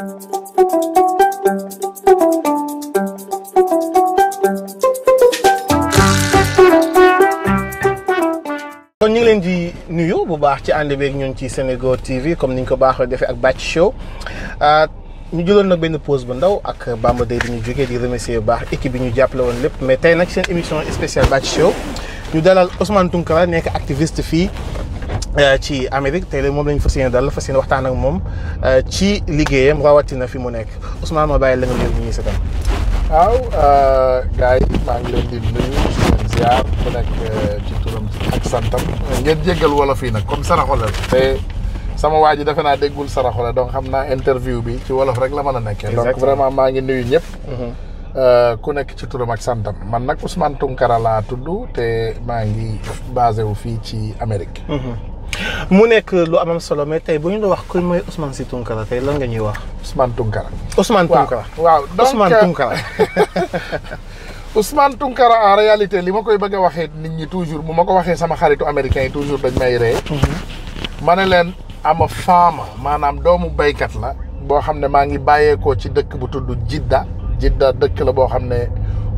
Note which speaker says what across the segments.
Speaker 1: kon
Speaker 2: ñu leen di nuyu bu baax ci ànd beeg ñun ci Sénégo TV comme ni ñu ko baaxoo defee ak Bathie Show ah, ñu jëloon nag benn pause bu ndaw ak Bamba Day bi ñu jógee di remercier bu baax équipe yi ñu jàppale woon lépp mais tey nag seen émission spéciale Bathie Show ñu dalal Ousmane Tounkara nekk activiste fii. Euh, ci Amérique te léegi moom la fa fas yéene dal fas yéene waxtaan ak moom euh, ci liggéeyam waawatina fi mu nekk Ousmane ma bàyyi la nga jël ñu seetaan. waaw euh, gars yi maa ngi leen di nuyu di ziar ku nekk ci turam ak santam. ngeen jéggal wolof yi nag comme saraxole la. te sama waa ji defe naa déggul saraxole donc xam naa interview bi ci wolof rek la mën a nekkee. donc vraiment maa ngi nuyu ñëpp. Mhm. ku nekk ci turam ak santam man nag Ousmane Tounkara laa tudd te maa ngi basé wu fii ci Amérique. Mhm. mu nekk lu amam solo mais tey bu ñu la wax kuy mooy Ousmane si Tounkara tey lan nga ñuy wax. Ousmane Tounkara. Ousmane Tounkara waaw donc Ousmane euh, Tounkara. Ousmane Tounkara en réalité li ma koy bëgg a waxee nit ñi toujours bu ma ko waxee sama xaritu américain yi toujours dañ may ree. Mhm. ma ne leen ama faama maanaam doomu baykat la. boo xam ne maa ngi bàyyeekoo ci dëkk bu tudd Jidda. Jidda dëkk la boo xam ne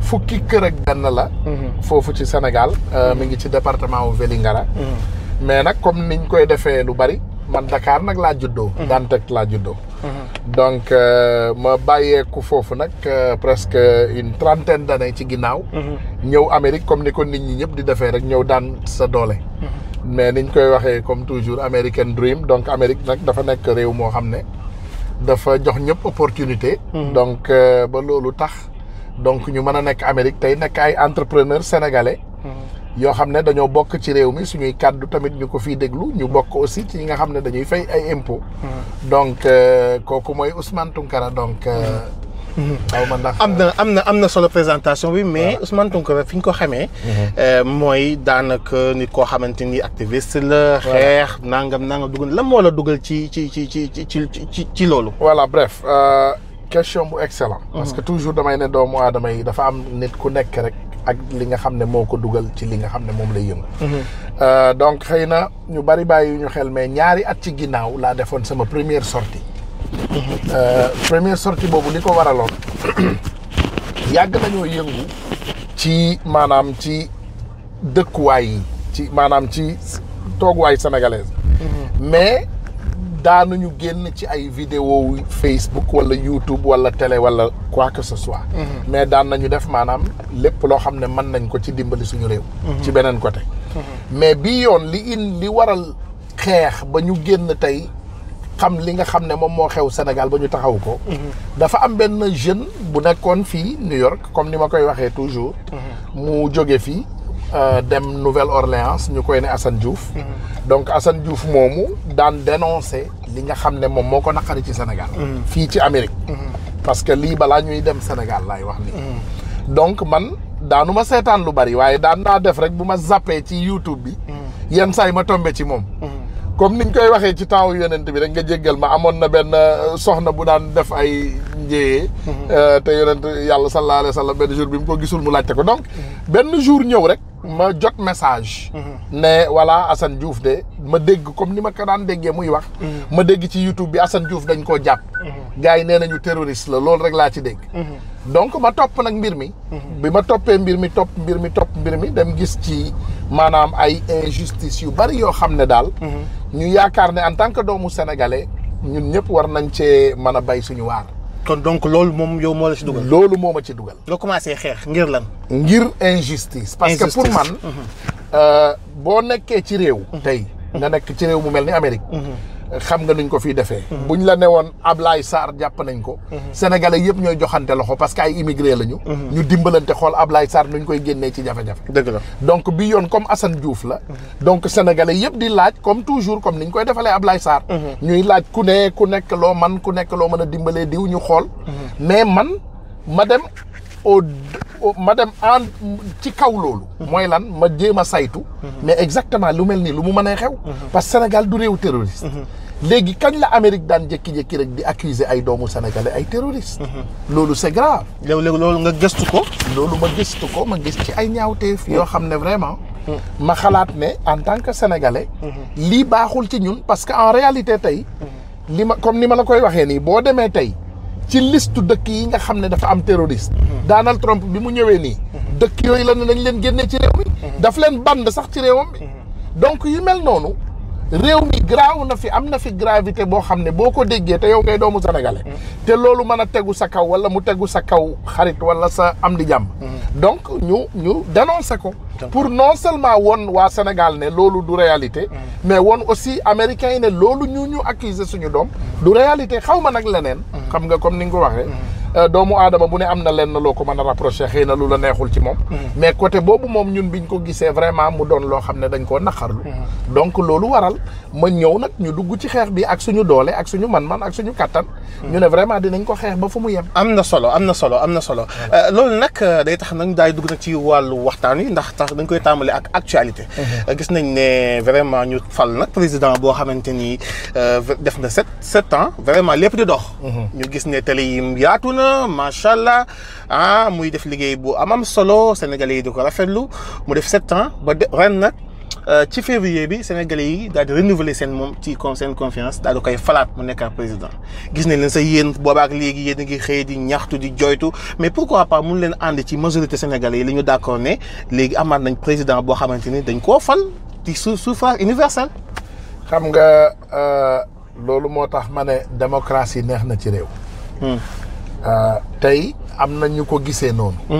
Speaker 2: fukki kër ak benn la. Mhm. foofu ci Sénégal. Euh, mi ngi ci département wu Vélingara. Mhm. mais nag comme niñ koy defee lu bari man Dakar nag laa juddoo. Mhm. Dantec laa juddoo. Mhm. donc euh, ma bàyyeeku foofu nag euh, presque une trentaine d'années ci ginnaaw. Mhm. ñëw Amérique comme ni ko nit ñi ñëpp di defee rek ñëw daan sa doole. mais niñ koy waxee comme toujours American Dream donc Amérique nag dafa nekk réew moo xam ne dafa jox ñëpp opportunité. donc euh, ba loolu tax donc ñu mën a nekk Amérique tey nekk ay entrepreneur sénégalais. yoo xam ne dañoo bokk ci réew mi suñuy kàddu tamit ñu ko fii déglu ñu bokk aussi ci ñi nga xam ne dañuy fay ay impôts. Hmm. donc euh, kooku mooy Ousmane Tounkara donc. Euh, hmm. xaw ndax am na euh, am na am na solo présentation bi mais Ousmane Tounkara fi ñu ko xamee. Hmm. mooy daanaka nit koo xamante ni activiste la. xeex nangam nanga dugal lan moo la dugal ci ci ci ci ci ci ci loolu. voilà bref. question bu excellent uh-huh. parce que toujours damay ne doomu aadama yi dafa am nit ku nekk rek ak li nga xam ne moo ko dugal ci li nga xam ne moom lay yëngu uh-huh. euh, donc xëy na ñu bari bàyyi ñu xel mais ñaari at ci ginnaaw laa defoon sama première sortie uh-huh. euh, première sortie boobu li ko waraloon yàgg nañoo yëngu ci maanaam ci dëkkuwaay yi ci maanaam ci tooguwaay sénégalaise mais daanuñu génn ci ay vidéo Facebook wala YouTube wala télé wala quoi que ce soit. Mhm. mais daan nañu def maanaam lépp loo xam ne man nañ ko ci dimbali suñu réew. Mhm. ci beneen côté. Mhm. mais bii yoon li in li waral xeex ba ñu génn tey xam li nga xam ne moom moo xew Sénégal ba ñu taxaw ko. dafa am benn jeune bu nekkoon fii New York comme ni ma koy waxee toujours. mu jóge fii. Euh, dem Nouvelle-Orléans ñu koy ne assan Diouf. Mhm. donc assan Diouf moomu daan dénoncé li nga xam ne moom moo ko naqari ci Sénégal. Mhm. fii ci Amérique. Mhm. parce que lii balaa ñuy dem Sénégal laay wax ni donc man daanu ma seetaan lu bari waaye daan naa def rek bu ma zappee ci YouTube bi. yenn saa yi ma tombé ci moom. comme ni ñu koy waxee ci temps yonent bi rek nga jéggal ma amoon na benn euh, soxna bu daan def ay njéyee euh, te yonent yàlla sallallahu alayhi wa sallam benn jour bi mu ko gisul mu laajte ko donc benn jour ñëw rek ma jot message. Mhm. ne wala Assane Diouf de ma dégg comme ni ma ko daan déggee muy wax. Mhm. ma dégg ci YouTube bi Assane Diouf dañ koo jàpp. Mhm. gars nee nañu terroriste la loolu rek laa ci dégg. donc ma topp nag mbir mi. bi ma toppee mbir mi topp mbir mi topp mbir mi dem gis ci maanaam ay injustice yu bari yoo xam ne daal. ñu yaakaar ne en tant que doomu sénégalais ñun ñëpp war nañ cee mën a bay suñu waar. kon donc loolu moom yow moo la ci dugal. loolu moo ma ci dugal. loo commencé xeex ngir lan. ngir injustice. parce que pour man. Euh, boo nekkee ci réew. tey nga nekk ci réew mu mel ni Amérique. Mhm. xam nga nuñ ko fii defee. Mhm. ñu la newoon Ablaye saar jàpp nañ ko. Mhm. Sénégalais yëpp ñooy joxante loxo parce que ay immigré lañu. Mhm. ñu dimbalante xool Ablaye saar nuñ koy génnee ci jafe-jafe. dëgg la donc bi yoon comme Assane Diouf la. donc Sénégalais yëpp di laaj comme toujours comme niñ koy defalee lay Sarr. ñuy laaj ku ne ku nekk loo man ku nekk loo mën a dimbalee diw ñu xool. mais man ma dem au ma dem en ci kaw loolu. mooy lan ma jéem a saytu. mais exactement lu mel nii lu mu mën a xew. parce que Sénégal du réew terroriste. léegi kañ la Amérique daan jékki-jékki rek di accuser ay doomu sénégalais ay terroristes. Mhm. loolu c'est grave. léeg-léeg loolu nga gëstu ko. loolu ma gëstu ko ma gis ci ay ñaawteef. Mhm. yoo xam ne vraiment. Mhm. ma xalaat ne en tant que sénégalais. lii baaxul ci ñun parce que en réalité tey. li ma comme ni ma la koy waxee nii boo demee tey ci listu dëkk yi nga xam ne dafa am terroriste. Donald Trump bi mu ñëwee nii. dëkk yooyu la ne dañ leen génne ci réew mi. daf leen band sax ci réewam bi. donc yu mel noonu. réew mi graaw na fi am na fi gravité boo xam ne boo ko déggee te yow ngay doomu sénégalais. Mm. te loolu mën a tegu sa kaw wala mu tegu sa kaw xarit wala sa am di jàmm. Mm. donc ñu ñu dénoncé ko. pour non seulement woon waa Sénégal ne loolu du réalité. Mm. mais woon aussi américains yi ne loolu ñu ñu accuser suñu doom. du réalité xaw ma nag leneen. xam nga comme ni nga ko waxee. Euh, doomu aadama bu ne am na lenn loo ko mën a rapproché xëy na lu la neexul ci moom. Mm-hmm. mais côté boobu moom ñun bi ñu ko gisee vraiment mu doon loo xam ne dañ koo naqarlu. Mm-hmm. donc loolu waral ma ñëw nag ñu dugg ci xeex bi ak suñu doole ak suñu man-man ak suñu kattan. Mm-hmm. ñu ne di nañ ko xeex ba fu mu yem. am na solo am na solo am na solo euh, loolu nag euh, day tax nañ daay dugg nag ci wàllu waxtaan yi ndax tax dañ koy tàmbali ak actualité. gis nañ ne vraiment ñu fal nag président boo xamante ni def na sept sept ans vraiment lépp di dox. na macha allah ah muy def liggéey bu amam solo sénégalais yi du ko rafetlu mu def sept ans ba de ren nag euh, ci février bi sénégalais yi daal di renouveler seen moom ci seen confiance daal di koy falaat mu nekk président gis nañ leen sa yéen ak léegi yéen a ngi xëy di ñaxtu di joytu mais pourquoi pas mun leen ànd ci majorité sénégalais yi li ñu d'accord ne léegi amaat nañ président boo xamante ni dañ koo fal ci suffrage universel. xam nga euh, loolu moo tax ma ne neex na ci réew. Hmm. Euh, tey am na ñu ko gisee noonu. Mm.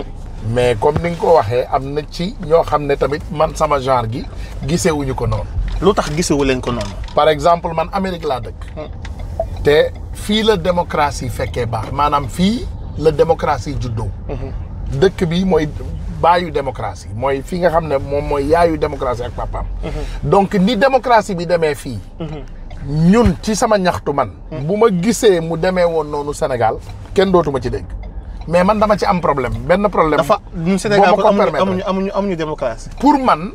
Speaker 2: mais comme ni nga ko waxee am na ci ñoo xam ne tamit man sama genre gi gisewuñu ko noonu. lu tax gisewu leen ko noonu. par exemple man Amérique laa dëkk. Mm. te fii la démocratie fekkee baax maanaam fii la démocratie juddoo. Mm-hmm. dëkk bi mooy baayu démocratie mooy fii nga xam ne moom mooy yaayu démocratie ak papaam. Mm-hmm. donc ni démocratie bi demee fii. Mm-hmm. ñun ci sama ñaxtu man. Mm. bu ma gisee mu demee woon noonu Sénégal. kenn dootuma ci dégg mais man dama ci am problème benn problème. dafa ñun Sénégal kon amuñu amuñu amuñu démocratie. pour man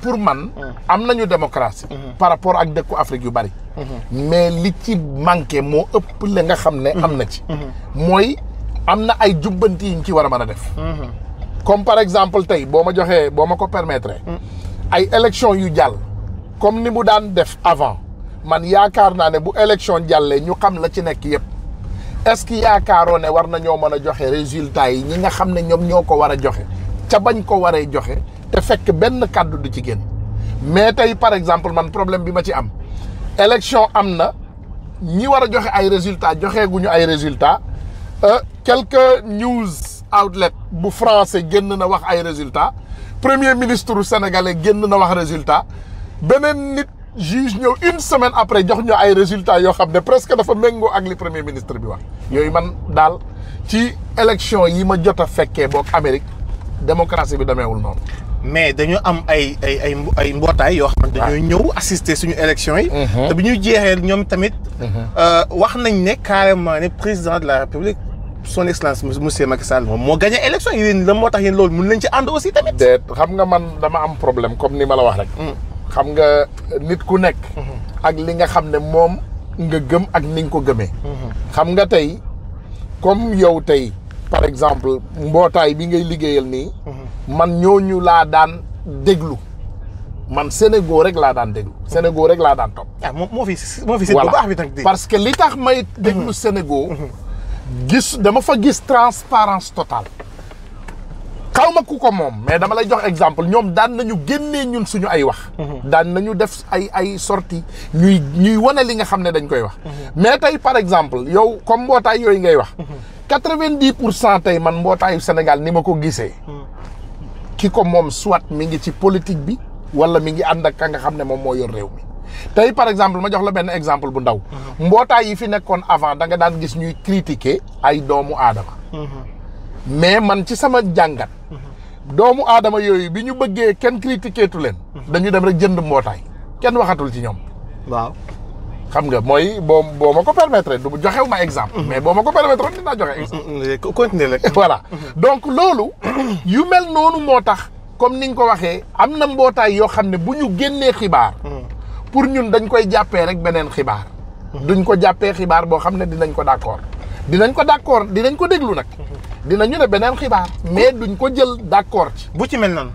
Speaker 2: pour man. Mm. am nañu démocratie. Mm-hmm. par rapport ak dëkku Afrique yu bari. Mm-hmm. mais li ci manqué moo ëpp li nga xam ne. am na ci. Mm-hmm. mooy am na ay jubbanti yi ñu ci war a mën a def. comme par exemple tey boo ma joxee boo ma ko permettre. Mm. ay élection yu jàll. comme ni mu daan def avant man yaakaar naa ne bu élection jàllee ñu xam la ci nekk yëpp. est-ce que yaakaaroo ne war nañoo mën a joxe résultat yi ñi nga xam ne ñoom ñoo ko war a joxe ca bañ ko waree joxe te fekk benn kàddu du ci génn mais tey par exemple man problème bi ma ci am élection am na ñi war a joxe ay résultats joxeeguñu ay résultats euh, quelque news outlet bu français génn na wax ay résultats premier ministre sénégalais génn na wax résultat beneen nit. juge ñëw une semaine après jox ñu ay résultats yoo xam ne presque dafa méngoo ak li premier ministre bi wax. yooyu man daal ci élection yi ma jot a fekkee boog Amérique démocratie bi wul noonu. mais dañu am ay ay ay ay mbootaay yoo xamante dañoo ñëw assister suñu élection yi mhm. te bi ñu jeexee ñoom tamit mhm. euh, wax nañ ne carrément ne président de la république son excellence monsieur Macky moom moo gagné élection yi yéen la moo tax loolu mën nañ ci ànd aussi tamit xam nga man dama am problème comme ni ma la wax rek mm. xam nga nit ku nekk. Mm-hmm. ak li nga xam ne moom nga gëm ak ni nga ko gëmee. Mm-hmm. xam nga tey comme yow tey par exemple mbootaay bi ngay liggéeyal nii. Mm-hmm. man ñooñu laa daan déglu. man Sénégal rek laa daan déglu. Sénégal rek laa daan topp. ah moo fi moo fi bu bi parce que li tax may. déglu Sénégal. gis dama fa gis transparence totale. xaw ku ko moom mais dama lay jox exemple ñoom daan nañu génnee ñun suñu ay wax. Mhm. daan nañu def ay ay sortie ñuy ñuy wane li nga xam ne dañ koy wax. Mhm. mais tey par exemple yow comme mbootaay yooyu ngay wax. Mhm. quatre-vingt-dix pour cent tey man mbootaayu Sénégal ni ma ko gisee. ki ko moom soit mi ngi ci politique bi wala mi ngi ànd ak ka nga xam ne moom moo yor réew mi. tey par exemple ma jox la benn exemple bu ndaw. mbootaay yi fi nekkoon avant da nga daan gis ñuy critiquer ay doomu aadama. mais man ci sama jàngat. doomu aadama yooyu bi ñu bëggee kenn critiqué tu leen. dañu dem rek jënd mbootaay kenn waxatul ci ñoom. waaw. xam nga mooy boo boo ma ko permettre du joxew ma exemple. Mhm. mais boo ma ko permettre dinaa joxe exemple. Mm-hmm. Mm-hmm. continuer rek. voilà donc loolu. yu mel noonu moo tax. comme niñ ko waxee am na mbootaay yoo xam ne bu ñu génnee xibaar. Mm-hmm. pour ñun dañ koy jàppee rek beneen xibaar. duñ ko jàppee xibaar boo xam ne dinañ ko d'accord dinañ ko d'accord dinañ ko déglu nag. dinañu ne beneen xibaar. mais duñ ko jël d' accord ci. bu ci mel noonu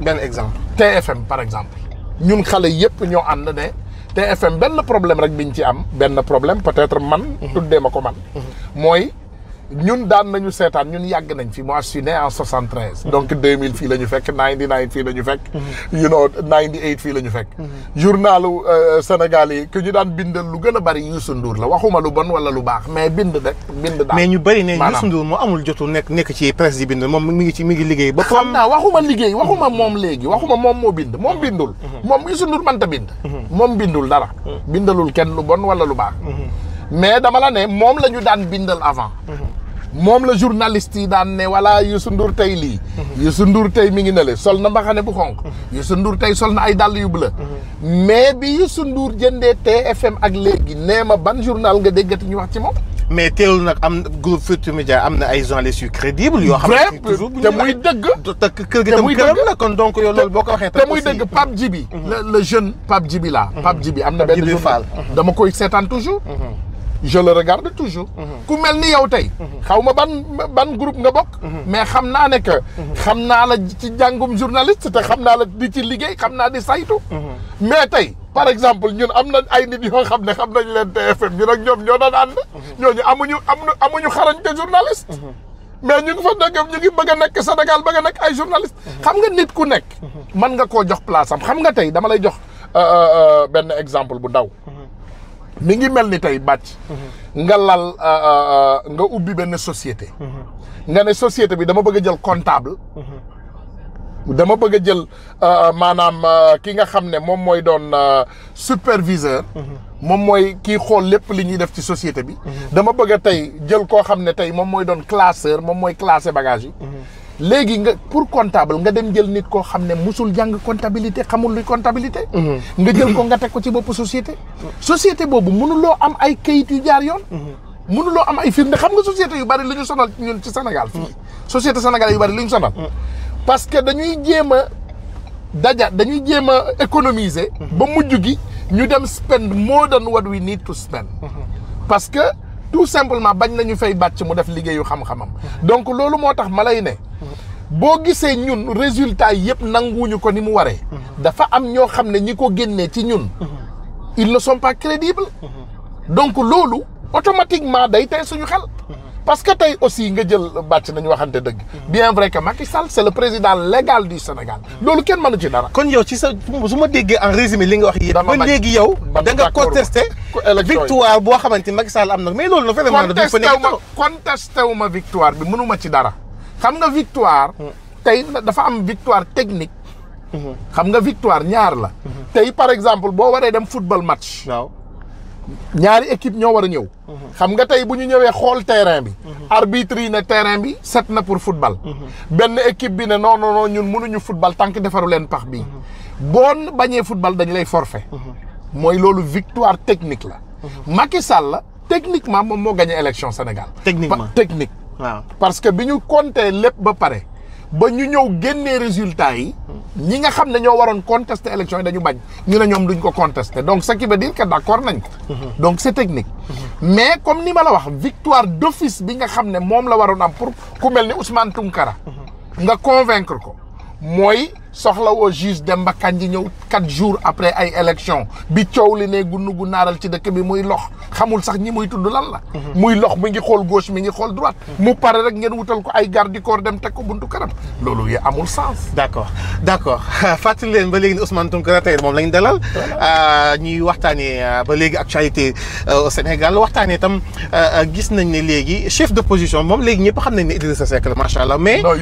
Speaker 2: benn exemple. TFM par exemple ñun xale yëpp ñoo ànd ne TFM benn problème rek bi ñu ci am. benn problème peut-être man. Mhm. tuddee ma ko man. Mhm. mooy. ñun daan nañu seetaan ñun yàgg nañ fi moi je suis né en mhm. donc 2000 fii ñu fekk 99 fii la ñu fekk. you know fii la ñu fekk. Mhm. Mhm. journalu euh, Sénégal yi que ñu daan bindal lu gën bari Youssou Ndour la waxuma lu bon wala lu baax mais bind rek bind daal. mais ñu bari ne Youssou Ndour moo amul jotul nekk nekk ci presse di bind moom mi ngi liggéey. ba ah, xam waxuma liggéey mm-hmm. waxuma moom léegi waxuma moom moo bind moom mm-hmm. bindul. Mm-hmm. moom Youssou Ndour mënta bind. moom bindul dara. bindalul kenn lu lu baax. mais dama la ne moom la ñu daan bindal avant. moom la journaliste yi daan ne voilà Youssou Ndour tey lii. Mhm. Youssou Ndour tey mi ngi ne sol na mbaxane bu xonq. Mhm. Youssou nduur tey sol na ay dàll yu la mhm. mais bi Youssou Ndour jëndee TFM ak léegi nee ma ban journal nga déggati ñu wax ci moom. mais teewul nag am groupe Futurs Médias am na ay journalistes yu crédibles yoo xam ne toujours te muy dëgg. te kër gi la kon donc yoo loolu boo ko waxee. te muy dëgg Pape Djibi. le le jeune Pape Djibi laa. Pape bi am na benn journal dama koy seetaan toujours. je le regarde toujours. Mhm. ku mel ni yow tey. Mhm. xaw ma ban ban groupe nga bokk. Mhm. mais xam naa ne que. xam naa la ci jàngum journaliste te xam naa la di ci liggéey xam naa ni saytu. mais tey par exemple ñun am na ay nit yoo xam ne xam nañ leen TFM ñu nag ñoom ñoo doon ànd. ñooñu amuñu amuñu xarañte journaliste. mais ñu ngi fa dëgg ñu ngi bëgg a nekk Sénégal bëgg a nekk ay journaliste. xam nga nit ku nekk. mën nga koo jox place am xam nga tey dama lay jox euh, euh, euh, benn exemple bu ndaw. mi ngi mel ni tey bàcc mhm. nga lal euh, euh, euh, nga ubbi benn société mhm. nga ne société bi dama bëgg jël comptable mhm. dama bëgg a jël maanaam ki nga xam ne moom mooy doon superviseur moom mooy kii xool lépp li ñuy def ci société bi dama bëgg a tey jël koo xam ne tey moom mooy doon classeur moom mooy classé bagage yi léegi nga pour comptable nga dem jël nit koo xam ne mosul jàng comptabilité xamul luy comptabilité. Mhm. nga jël ko nga teg ko ci bopp société. société boobu loo am ay kayit yu jaar yoon. Mhm. mënuloo am ay firnde xam nga société yu bari li ñu sonal ñun ci Sénégal. fii mhm. société sénégalais yu bari li ñu sonal. parce que dañuy jéem a daja dañuy jéem a économiser. ba mujj gi ñu dem spend more than what we need to spend. tout simplement bañ nañu fay bàcc mu def liggéeyu xam donc loolu moo tax ma lay ne. boo gisee ñun résultat yëpp nanguwuñu ko ni mu waree. dafa am ñoo xam ne ñi ko génnee ci ñun. ils ne sont pas crédibles. Mm-hmm. donc loolu automatiquement day tey suñu xel. parce que tey aussi nga jël bàcc nañu waxante dëgg. bien vrai que Macky Sall c' est le président légal du Sénégal. loolu kenn mënu ci dara. kon yow su ma déggee en résumé li nga wax. dama bañ ba victoire boo xamante ni am na mais loolu nag. vraiment dafa nekk taw contesté wu ma victoire bi mënu ci dara. xam nga victoire. Hmm. tey dafa am victoire technique. Hmm. xam nga victoire ñaar la. Hmm. tey par exemple boo waree dem football match. waaw. ñaari équipe ñoo war a ñëw. Mhm. xam nga tey bu ñu ñëwee xool terrain bi. Mhm. arbitre yi terrain bi set na pour football. Mhm. benn équipe bi ne non non non ñun mënuñu football tant defaru leen pax bii. boo bañee football dañu lay forfait. mooy loolu victoire technique la. Macky Sall techniquement moom moo gagné élection Sénégal. techniquement technique. waaw parce que bi ñu compté lépp ba pare. ba ñu ñëw génnee résultat yi ñi nga xam ne ñoo waroon contester élection yi dañu bañ ñu ne ñoom duñ ko contester donc sa qui veut dire que mhm. donc c' est technique mais comme ni ma la wax victoire d' office bi nga xam ne moom la waroon am pour ku mel ni Ousmane Tounkara mhm. nga convaincre ko mooy soxlawoo juge Demba Kandji ñëw quatre jours après ay élection bi coow li ne gunnu gu naaral ci dëkk bi muy lox xamul sax ñi muy tudd lan la. Mhm. muy lox mi ngi xool gauche mi ngi xool droite. Mhm. mu pare rek ngeen wutal ko ay garde corps dem teg ko buntu kanam loolu yi amul sens. d' accord d' accord fàttali leen ba léegi ne Ousmane Tounkara tey moom lañ dalal ah, ñuy waxtaanee ah, ba léegi actualité euh, au Sénégal waxtaanee tam euh, euh, gis nañ ne léegi chef d' opposition moom léegi ñëpp xam nañ ne la macha allah mais. laa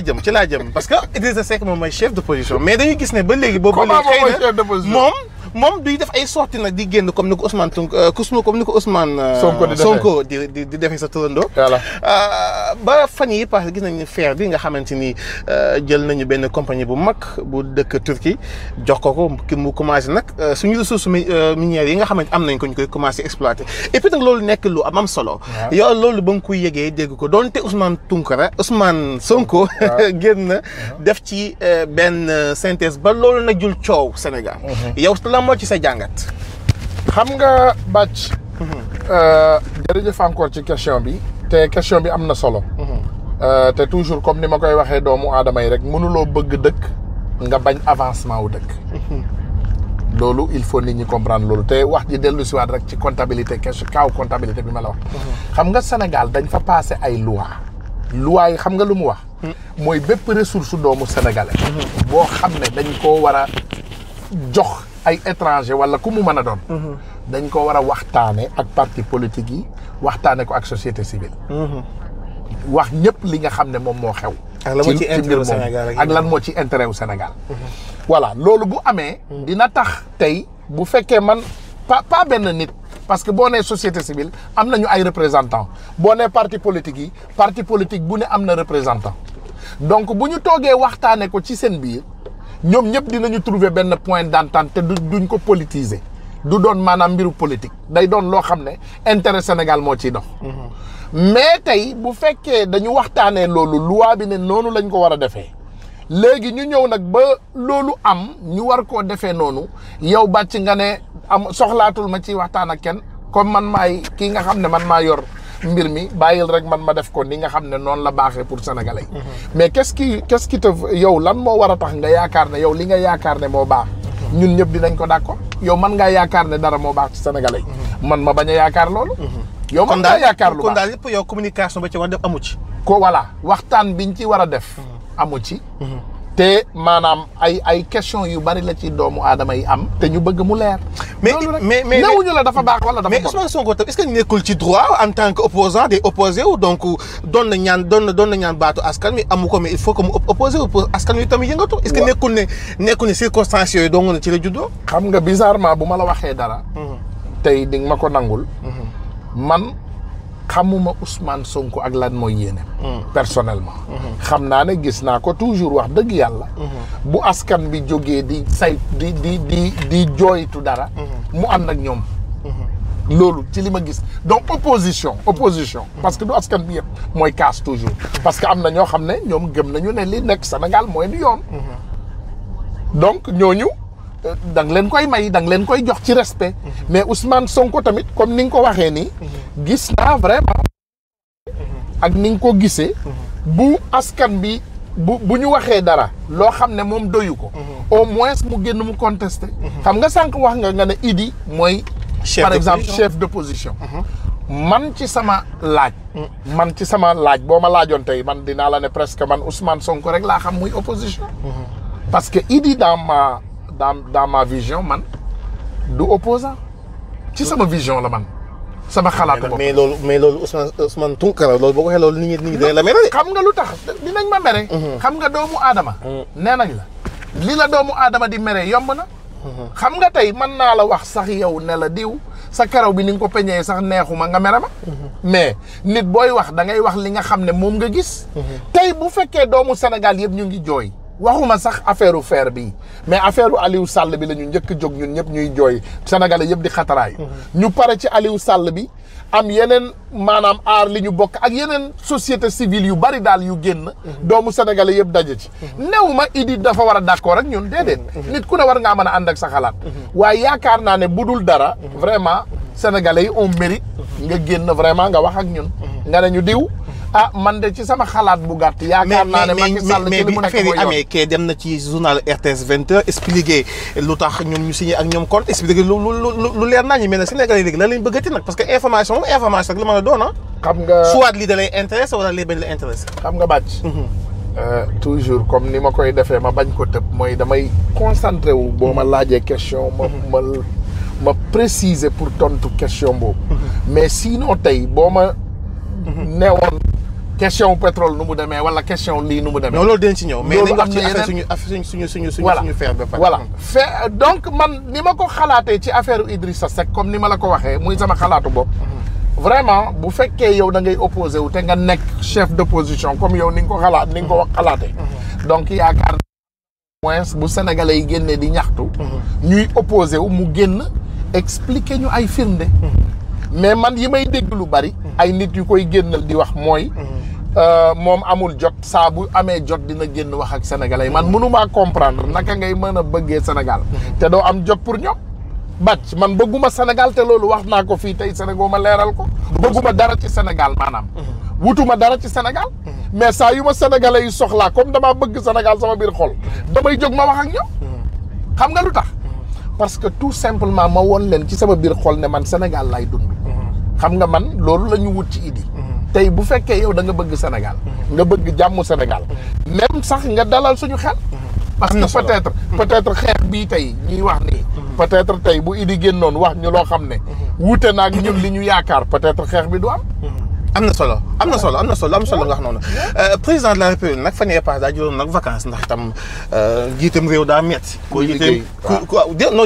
Speaker 2: jëm ci laa jëm parce que. Idrissa Seck moom mooy chef de position mais dañuy gis ne ba léegi. boobu ba léegi xëy na moom. moom duy def ay sorti nag di génn comme ni ko Ousmane Sonko euh, comme ni ko Ousmane. Euh, Sonko di di di defee sa turandoo. Euh, ba fan yi parce que gis nañu feer bi nga xamante ni jël nañu benn compagnie bu mag bu dëkk Turquie jox ko ko ki mu commencé nag suñu ressources minières yi nga xamante am nañ ko ñu koy commencé exploité et loolu nekk lu am am solo. yow loolu ba nga koy yëgee dégg ko donte Ousmane Tounkara Ousmane Sonko. génn def ci benn synthèse ba loolu nag jul coow Sénégal. Mhm. yow lan moo ci sa jàngat. xam nga bàcc. Mhm. Euh, jërëjëf encore ci question bi. te question bi am na solo. Mhm. Euh, te toujours comme ni ma koy waxee doomu aadama yi rek mënuloo bëgg dëkk nga bañ avancement wu dëkk. Mhm. loolu il faut nit ñi comprendre loolu te wax ji dellu si waat rek ci comptabilité question kaaw comptabilité bi ma la wax. xam nga Sénégal dañ fa passé ay loi loi yi xam nga lu mu wax. mooy bépp ressource doomu sénégalais. boo xam ne dañ koo war jox. ay étranger wala ku mu mën a doon. Mhm. dañ ko war a waxtaane ak parti politique yi waxtaane ko ak société civile. Mhm. wax ñëpp li nga xam ne moom moo xew. ak lan moo ci intérêt Sénégal ak lan moo ci intérêt wu Sénégal. Mhm. voilà loolu bu amee. dina tax tey bu fekkee man pa pas benn nit. parce que boo nee société civile am nañu ay représentant boo nee parti politique yi parti politique bu ne am na représentant donc bu ñu toogee waxtaane ko ci seen biir. ñoom ñëpp dinañu trouver benn point d'entente te duñ ko politiser du doon maanaam mbiru politique day doon loo xam ne intérêt Sénégal moo ciy dox. Mhm. mais tey bu fekkee dañu waxtaanee loolu loi bi ne noonu lañ ko war a defee. léegi ñu ñëw nag ba loolu am ñu war koo defee noonu yow bàcc nga ne am soxlaatul ma ciy waxtaan ak kenn comme man maay kii nga xam ne man maa yor. mbir mi bàyyil rek man ma def ko ni nga xam ne noonu la baaxe pour sénégalais mhm. mais qu'est-ce qui qu'est-ce te yow lan moo war a tax nga yaakaar ne yow li nga yaakaar ne moo baax ñun ñëpp dinañ ko d'accord yow man ngaa yaakaar ne dara moo baax ci sénégalais mhm. man ma bañ a yaakaar loolu mhm. yow man ngaa yaakaar lu baax kon daal yëpp yow communication ba ci war a def amu ci ko voilà waxtaan ñu ci war a def amu ci te maanaam ay ay question yu bari la ci doomu aadama yi am te ñu bëgg mu leer. loolu rek mais mais newuñu la dafa baax wala dafa bon mais Ousmane Sonko tam est-ce que nekkul ci droit en tant que opposant day opposé wu donc doon na ñaan doon na doon na ñaan baatu askan wi amu ko mais il faut que mu opposé wu pour askan wi tamit yëngatu. est-ce que nekkul ne nekkul ne circonstances yooyu dong na ci la juddoo. xam nga bizarrement bu ma la waxee dara. Mhm. tey di nga ma ko nangul.
Speaker 1: Mhm.
Speaker 2: man. xamuma Ousmane Sonko ak lan mooy yéene mm. personnellement mm-hmm. xam naa ne gis naa ko toujours wax dëgg yàlla mm-hmm. bu askan bi jógee di say di di di di jooytu dara mm-hmm. mu ànd ak ñoom loolu ci li ma gis donc opposition opposition parce que du askan bi yëpp mooy casse toujours parce que am na ñoo xam ne ñoom gëm nañu ne li nekk Sénégal mooy du yoon donc ñooñu Euh, da nga leen koy may da leen koy jox ci respect. Mhm. mais Ousmane Sonko tamit comme ni nga ko waxee nii. Mhm. gis naa vraiment. Mhm. ak ni nga ko gisee. bu askan bi bu ñu waxee dara. loo xam ne moom doyu ko. au moins mu génn mu contesté. xam nga sànq wax nga nga ne Idi mooy. par exemple chef d'opposition. man ci sama laaj. man ci sama laaj boo ma laajoon tey man dinaa la ne presque man Ousmane Sonko rek laa xam muy opposition. parce que Idi dans dans dans ma vision man du opposant ci sama vision la man. sama xalaat bopp mais loolu mais loolu Ousmane Ousmane Tounkara loolu boo ko waxee loolu nit ñi nit ñi dañ la mere xam nga lu tax dinañ ma mere. Mhm. xam nga doomu aadama. Mhm. nee nañ la li la doomu aadama di mere yomb na. Mhm. xam nga tey man naa la wax sax yow ne la diw sa karaw bi ni nga ko peñee sax ma nga mere ma. mais nit booy wax da ngay wax li nga xam ne moom nga gis. tey bu fekkee doomu Sénégal yëpp ñu ngi jooy. waxuma sax affaire fer bi mais affaire Aliou Sall bi la ñu njëkk jóg ñun ñëpp ñuy jooy sénégalais yëpp di xataraay mhm. ñu pare ci Aliou Sall bi am yeneen maanaam aar li ñu bokk ak yeneen société civile yu bari daal yu génn mhm. doomu sénégalais yëpp daje ci mhm. néew ma idi dafa war a d'accord ak ñun déedéet nit ku ne war nga mën a ànd ak sa xalaat waaye yaakaar naa ne bu dul dara vraiment sénégalais yi on mérite nga génn vraiment nga wax ak ñun nga ne ñu diw ah man de ci sama xalaat bu gàtt. yaakaar naa ne Macky Sall ci li mu nekk mooy yoon mais mais mais bi affaire yi amee kee dem na ci journal RTS 20h expliqué lu tax ñoom ñu signé ak ñoom compte expliqué lu lu lu lu leer naa ñu mel ne Sénégal yi léegi lan lañ bëggati nag parce que information moom information rek la mën a doon ah. xam nga soit lii da lay intéressé wala lii bañ la intéressé. xam nga bàcc. Mhm. Euh, toujours comme ni ma koy defee ma bañ ko tëb mooy damay concentré wu. boo ma mhm. laajee question ma mhm. ma ma préciser pour tontu question boobu. mais sinon tey boo ma. newoon. question pétrole nu mu demee wala question lii nu mu demee. non loolu dañ ci ñëw mais dañ wax ci affaire suñu suñu suñu suñu ba pare. voilà donc man ni ma ko xalaatee ci affaire sa Seck comme ni ma la ko waxee muy sama xalaatu bopp. Mhm. vraiment bu fekkee yow da ngay opposé wu te nga nekk chef position comme yow ni ko xalaat ni nga ko wax mhm. xalaatee. Mhm. donc yaakaar moins bu sénégalais yi génnee di ñaxtu. ñuy opposé wu mu génn expliquer ñu ay firnde. mais man yi may dégg lu bari. ay nit yu koy génnal di wax mooy. Euh, moom amul jot saa bu amee jot dina génn wax ak sénégalais man mm-hmm. mënumaa comprendre naka ngay mën a bëggee Sénégal mm-hmm. te doo am jot pour ñoom bàcc man bëgguma Sénégal te loolu wax naa ko fii tey Sénégal ma leeral ko bëgguma dara ci Sénégal maanaam mm-hmm. wutuma dara ci Sénégal mais saa yu ma sénégalais yi soxlaa comme damaa bëgg Sénégal sama biir xol damay jóg ma wax ak ñoom xam nga lu tax parce que tout simplement ma woon leen ci sama biir xol ne man Sénégal lay dund xam nga man loolu la ñu wut ci idi tey bu fekkee yow da nga bëgg senegal mhm. nga bëgg jàmm Sénégal. Mhm. même sax nga dalal suñu xel. Mhm. parce que peut-être peut-être xeex bii tey ñuy wax nii. peut-être tey bu idi génnoon wax ñu loo xam ne. wute na ak ñun li ñu yaakaar peut-être xeex bi du am. am na solo am na solo am na solo am solo nga xam noonu euh, président de la république nag fan yee paas daa jëloon nag vacance ndax tam euh, jiitam réew daa metti ko jiite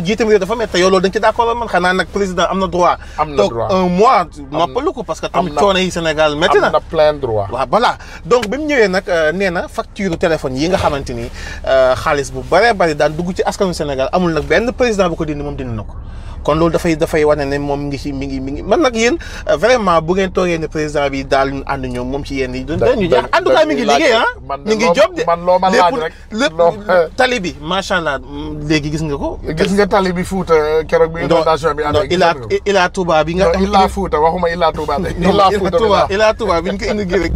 Speaker 2: jiitam réew dafa metti te yow loolu da nga ci d'accord man xanaa nag président am na droit toog un mois noppalu ko parce que tamit coono yi Sénégal metti na am na plein droit waaw voilà donc bi mu ñëwee nag euh, nee na facture téléphone yi nga xamante ni xaalis bu bëree bëri daan dugg ci askanu Sénégal amul nag benn président bu ko dindi moom dindi na ko kon loolu dafay dafay wane ne moom ngi ci mi ngi mi ngi man nag yéen euh, vraiment bu ngeen toogee ne président bi daal ñu ñoom moom ci yéen yi. dañu dañu mi ngi liggéey ah. mi ngi bi macha allah léegi gis nga ko. gis nga tali bi Fouta keroog bi inondation bi. amee gis nga ko non bi nga. non Ila Fouta waxuma Ila Touba de. Ila Fouta de waaw Ila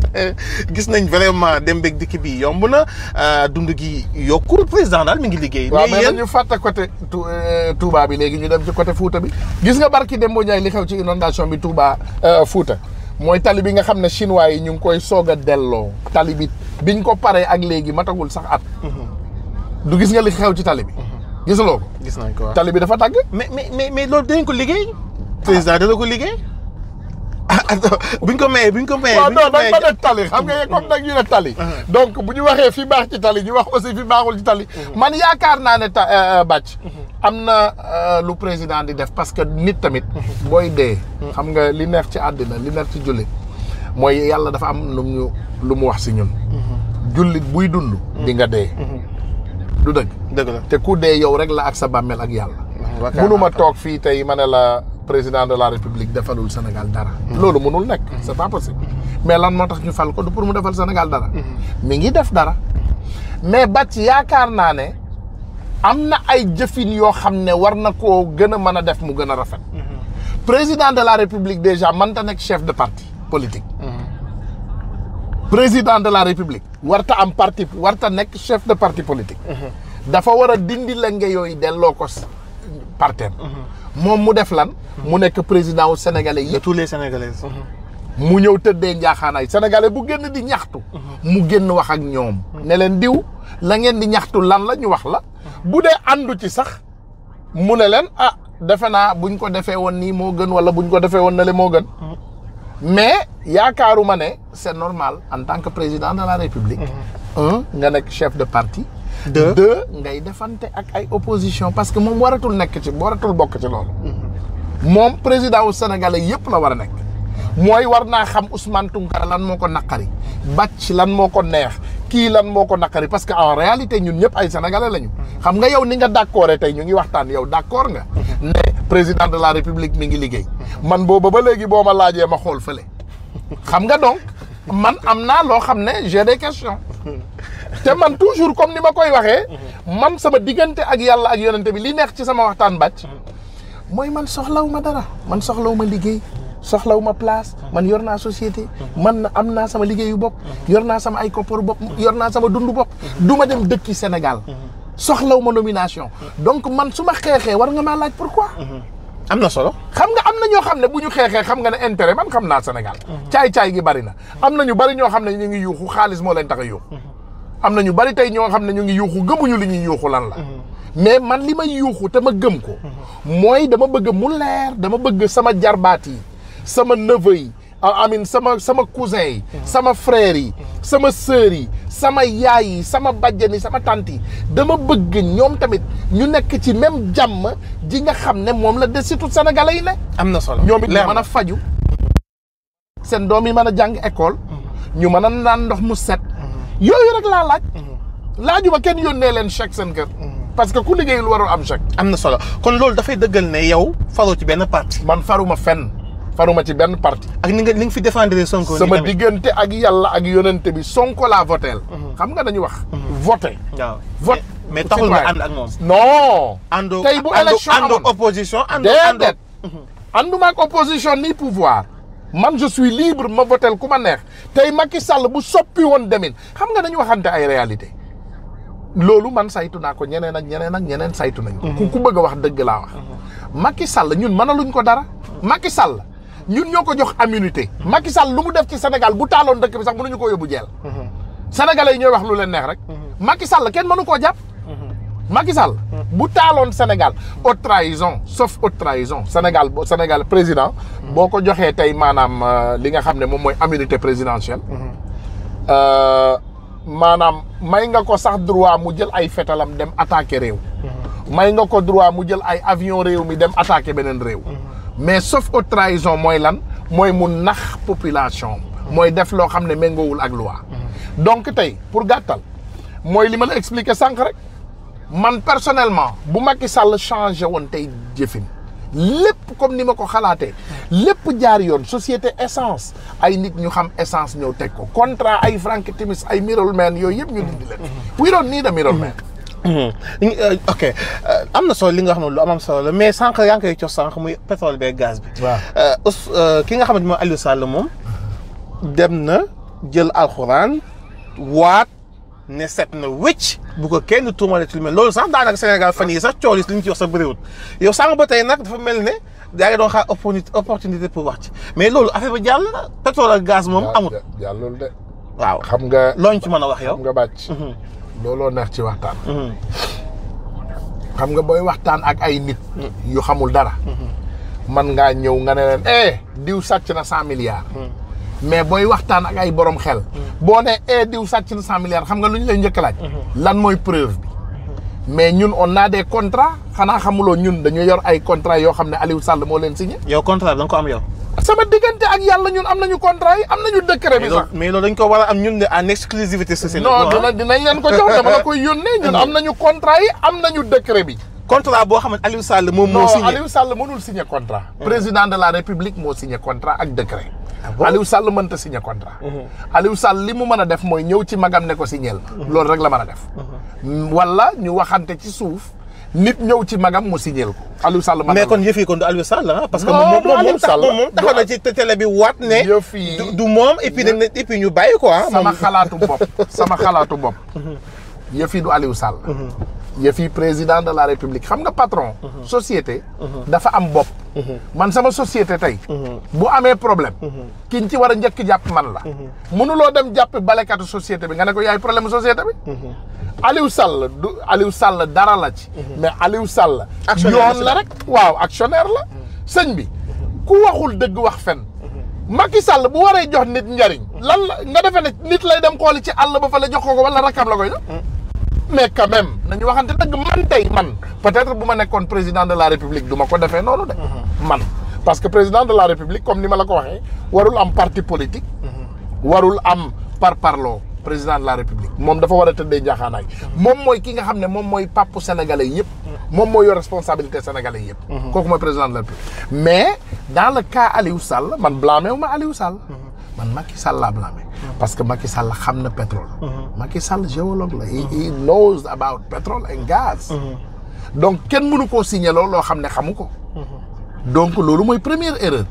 Speaker 2: gis nañ vraiment dem beeg dikk bi yomb na euh, dund gi yokkul président daal mi ngi liggéey. mais yéen waaw mais ñu fàtte euh, léegi ñu dem ci côté fuuta bi gis nga barki Dembo Ndiaye li xew ci inondation bi Touba euh, Fouta mooy tali bi nga xam ne chinois yi ñu ngi koy soog a delloo tali bi biñ ko paree ak léegi matagul sax at. Mhm. du gis nga li xew ci tali bi. Mhm. gisuloo ko. gis nañ ko tali bi dafa tagg mais mais mais loolu dañ ko liggéey. Ah. président dana ko liggéey. Ah, buñ ko mayee buñ ko mayee. waaw non dañ ko def tali xam nga comme nag ñu ne tali. Uh-huh. donc bu ñu waxee fi baax ci tali ñu wax aussi fi baaxul ci tali. Uh-huh. man yaakaar naa ne ta euh, euh, bàcc. Uh-huh. am na euh, lu président di def parce que nit tamit. booy dee. xam nga li neex ci àddina li neex ci jullit mooy yàlla dafa am lu ñu lu mu wax si ñun. jullit buy dund. di nga dee. du dëgg. la te ku dee yow rek la ak sa bàmmeel ak yàlla. mënuma toog fii tey ma la. président de la république defalul Sénégal dara. Hmm. loolu mënul nekk hmm. c'est pas possible. mais lan moo tax ñu fal ko du pour mu defal Sénégal dara. Hmm. mi ngi def dara. mais bàcc yaakaar naa ne am na ay jëfin yoo xam ne war na koo gën a mën a def mu gën a rafet. président de la république déjà mënta nekk chef de parti politique. président de la république. warta am parti warta nekk chef de parti politique. dafa war a dindi la nga yooyu delloo ko parteem moom mu def lan. mu nekk président wu sénégalais yi. de tous les sénégalais. Mhm. mu ñëw tëddee njaaxaanaay sénégalais bu génn di ñaxtu. Mhm. mu génn wax ak ñoom. Mhm. ne leen diw la ngeen di ñaxtu lan la ñu wax la. bu dee àndu ci sax mu ne leen ah defe naa buñ ko defee woon nii moo gën wala buñ ko defee woon nale moo gën. mais yaakaaruma ne c'est normal en tant que président de la république. nga nekk chef de partie de ngay defante ak ay opposition parce que moom waratul nekk ci waratul bokk ci loolu moom président wu sénégalais yëpp la war a nekk mooy war naa xam Ousmane Tounkara lan moo ko naqari bàcc lan moo ko neex kii lan moo ko naqari parce que en réalité ñun ñëpp ay sénégalais lañu. xam nga yow ni nga d'accord tey ñu ngi waxtaan yow d'accord nga. ne président de la république mi ngi liggéey. man booba ba léegi boo ma laajee ma xool fale xam nga donc man am naa loo xam ne j'ai des questions. te man toujours comme ni ma koy waxee. man sama diggante ak yàlla ak yonante bi li neex ci sama waxtaan bàcc. mooy man soxlawu ma dara man soxlawu ma liggéey. soxlawu ma place man yor naa société man am naa sama liggéeyu bopp yor naa sama ay kopparu bopp yor naa sama dundu bokk du ma dem dëkki Sénégal soxlawu ma nomination donc man su ma xeexee war nga maa laaj pourquoi am na solo xam nga am na ñoo xam ne bu ñu xeexee xam nga ne intérêt man xam naa Sénégal caay-caay bari na am na ñu bari ñoo xam ne ñu ngi yuuxu xaalis moo leen tax a am na ñu bari tey ñoo xam ne ñu ngi yuuxu gëmuñu li ñuy yuuxu lan la. Mhm. mais man li may yuuxu te ma gëm ko. Mhm. mooy dama bëgg mu leer dama bëgg sama jarbaat yi sama neveu yi amin ah, sama sama cousin yi. Mhm. sama frère yi. sama sœur yi sama yaay yi sama bajjan yi sama tante yi dama bëgg ñoom tamit ñu nekk ci même jàmm ji nga xam ne moom la de surtout sénégalais yi ne. am na solo ñoom it mën a faju seen doom yi mën a jàng école. ñu mën a naan ndox mu set. yooyu rek laa laaj. Mhm. laajuma kenn yónnee leen chèque seen kër. Mhm. parce que ku liggéeyul warul am chèque. am na solo kon loolu dafay dëggal ne yow. faroo ci benn parti. man faruma fenn. faruma ci benn parti ak ni nga ni nga fi défendre Sonko. sama diggante ak yàlla ak yonente bi Sonko laa voteel. Mhm. xam nga dañu wax. voté. waaw vote mais taxul nga ànd ak moom. non. àndoo tey bu élection amoon àndoo opposition àndoo àndoo déedéet ànduma opposition ni pouvoir. man je suis libre ma votel ku ma neex tey Macky Sall bu soppi woon demin xam nga dañu waxante ay réalité loolu man saytu naa ko ñeneen ak ñeneen ak ñeneen saytu nañ mhm. ku ku bëgg a wax dëgg laa wax. Mhm. Macky Sall ñun mënaluñ ko dara. Macky Sall ñun ñoo ko jox immunité. Macky Sall lu mu def ci Sénégal bu taaloon dëkk bi sax mënuñu koo yóbbu jeel. Mhm. Sénégalais ñooy wax lu leen neex rek. Macky Sall kenn mënu koo jàpp. Macky Sall bu taaloon Sénégal haute trahison sauf haute trahison Sénégal Sénégal président boo ko joxee tey maanaam euh, li nga xam ne moom mooy immunité présidentielle euh, maanaam may nga ko sax droit mu jël ay fetalam dem attaquer réew may nga ko droit mu jël ay avion réew mi dem attaquer beneen réew mais sauf haute trahison mooy lan mooy mu nax population mooy def loo xam ne méngoowul ak loi donc tey pour gàttal mooy li ma la expliquer sànq rek man personnellement bu Macky Sall changé woon tey jëfin lépp comme ni ma ko xalaatee lépp jaar yoon société essence ay nit ñu xam essence ñëw teg ko contrat ay Frank Timis ay middleman yooyu yëpp ñu dindi leen. Mhm. we don't need a middleman. Mhm. Euh, ok euh, am na solo li nga xam ne lu am am solo la mais sànq yaa ngi koy cox sànq muy pétrole beeg gaz bi. waaw euh, ki nga xamante moom Aliou Sall moom dem na jël alxuraan waat. ne set na wécc bu ko kenn tuumale ci lu mel loolu sax daanaka Sénégal fan yi sax coow li ñu ci wax sax bëriwul yow sànq ba tey nag dafa mel ne yaa ngi doon xaar opportunité pour wax ci mais loolu affaire ba jàll na ak gaz moom amul. jàllul de. waaw xam nga looñ ci mën a wax yow xam nga bàcc. Mhm. looloo neex ci waxtaan. Mhm. xam nga booy waxtaan ak ay nit. Mhm. yu xamul dara. man nga ñëw nga ne leen eh diw sàcc na cent milliards. mais booy waxtaan ak ay borom xel. boo ne eh diw sàcc na cent milliards xam nga lu ñu lay njëkk laaj. Mhm. lan mooy preuve bi. Mhm. mais ñun on a des contrats xanaa xamuloo ñun dañu yor ay contrats yoo xam ne Aliou Sall moo leen signé. yow contrat da nga ko am yow. sama diggante ak yàlla ñun am nañu contrat yi am nañu décret bi sax. mais ko war am ñun ne en exclusivité sociale. non dina leen ko jox dama la koy yónnee mhm. contrat yi am nañu décret bi. contrat boo xam ne Aliou Sall moom moo. signé non Sall mënul signé contrat. président de la république moo signé contrat ak décret. Ah Aliou Sall mënta signé contrat. Mhm. Aliou Sall li mu mën a def mooy ñëw ci magam ne ko signé la. Mhm. loolu rek la mën a def. Mhm. wala ñu waxante ci suuf. nit ñëw ci magam mu signeel ko Aliou Sall mais kon yëf yi kon du Aliou Sall ah, parce que moom moom Sall moom taxaw na ci télé bi waat ne yëf du moom et puis dañ ñu bàyyi ko ah xalaatu bopp sama xalaatu bopp yëf yi du yëf yi président de la république xam nga patron. Mhm. société. Mhm. dafa am bopp. Mhm. man sama société tey. bu amee problème. kiñ ci war a njëkk jàpp man la. mënuloo dem jàpp balekatu société bi nga ne ko yaay problème société bi. Aliou Sall du Aliou Sall dara la ci. mais Aliou Sall. yoon la rek waaw actionnaire la. sëñ bi ku waxul dëgg wax fen Macky sàll bu waree jox nit njariñ. lan la nga defee ne nit lay dem xooli ci àll ba fa la jox ko ko wala rakam la koy jox. mais quand même nañu waxante dëgg man tey man peut-être bu ma nekkoon président de la république du ma ko defee noonu de. man parce que président de la république comme ni ma la ko waxee warul am parti politique. warul am par parloo président de la république moom dafa war a tëddee njaaxaanaay moom mooy ki nga xam ne moom mooy pàppu sénégalais yëpp. moom mooy yor responsabilité sénégalais yëpp. Mhm. kooku mooy président de la république mais dans le cas Aliou Sall man blâmé wu ma Aliou man Macky Sall laa mm-hmm. parce que Macky Sall xam na pétrole. Mm-hmm. Macky Sall géologue la. he he mm-hmm. knows about pétrole and gas. donc kenn mënu koo signé loolu loo xam ne xamu ko. donc loolu mooy première erreur.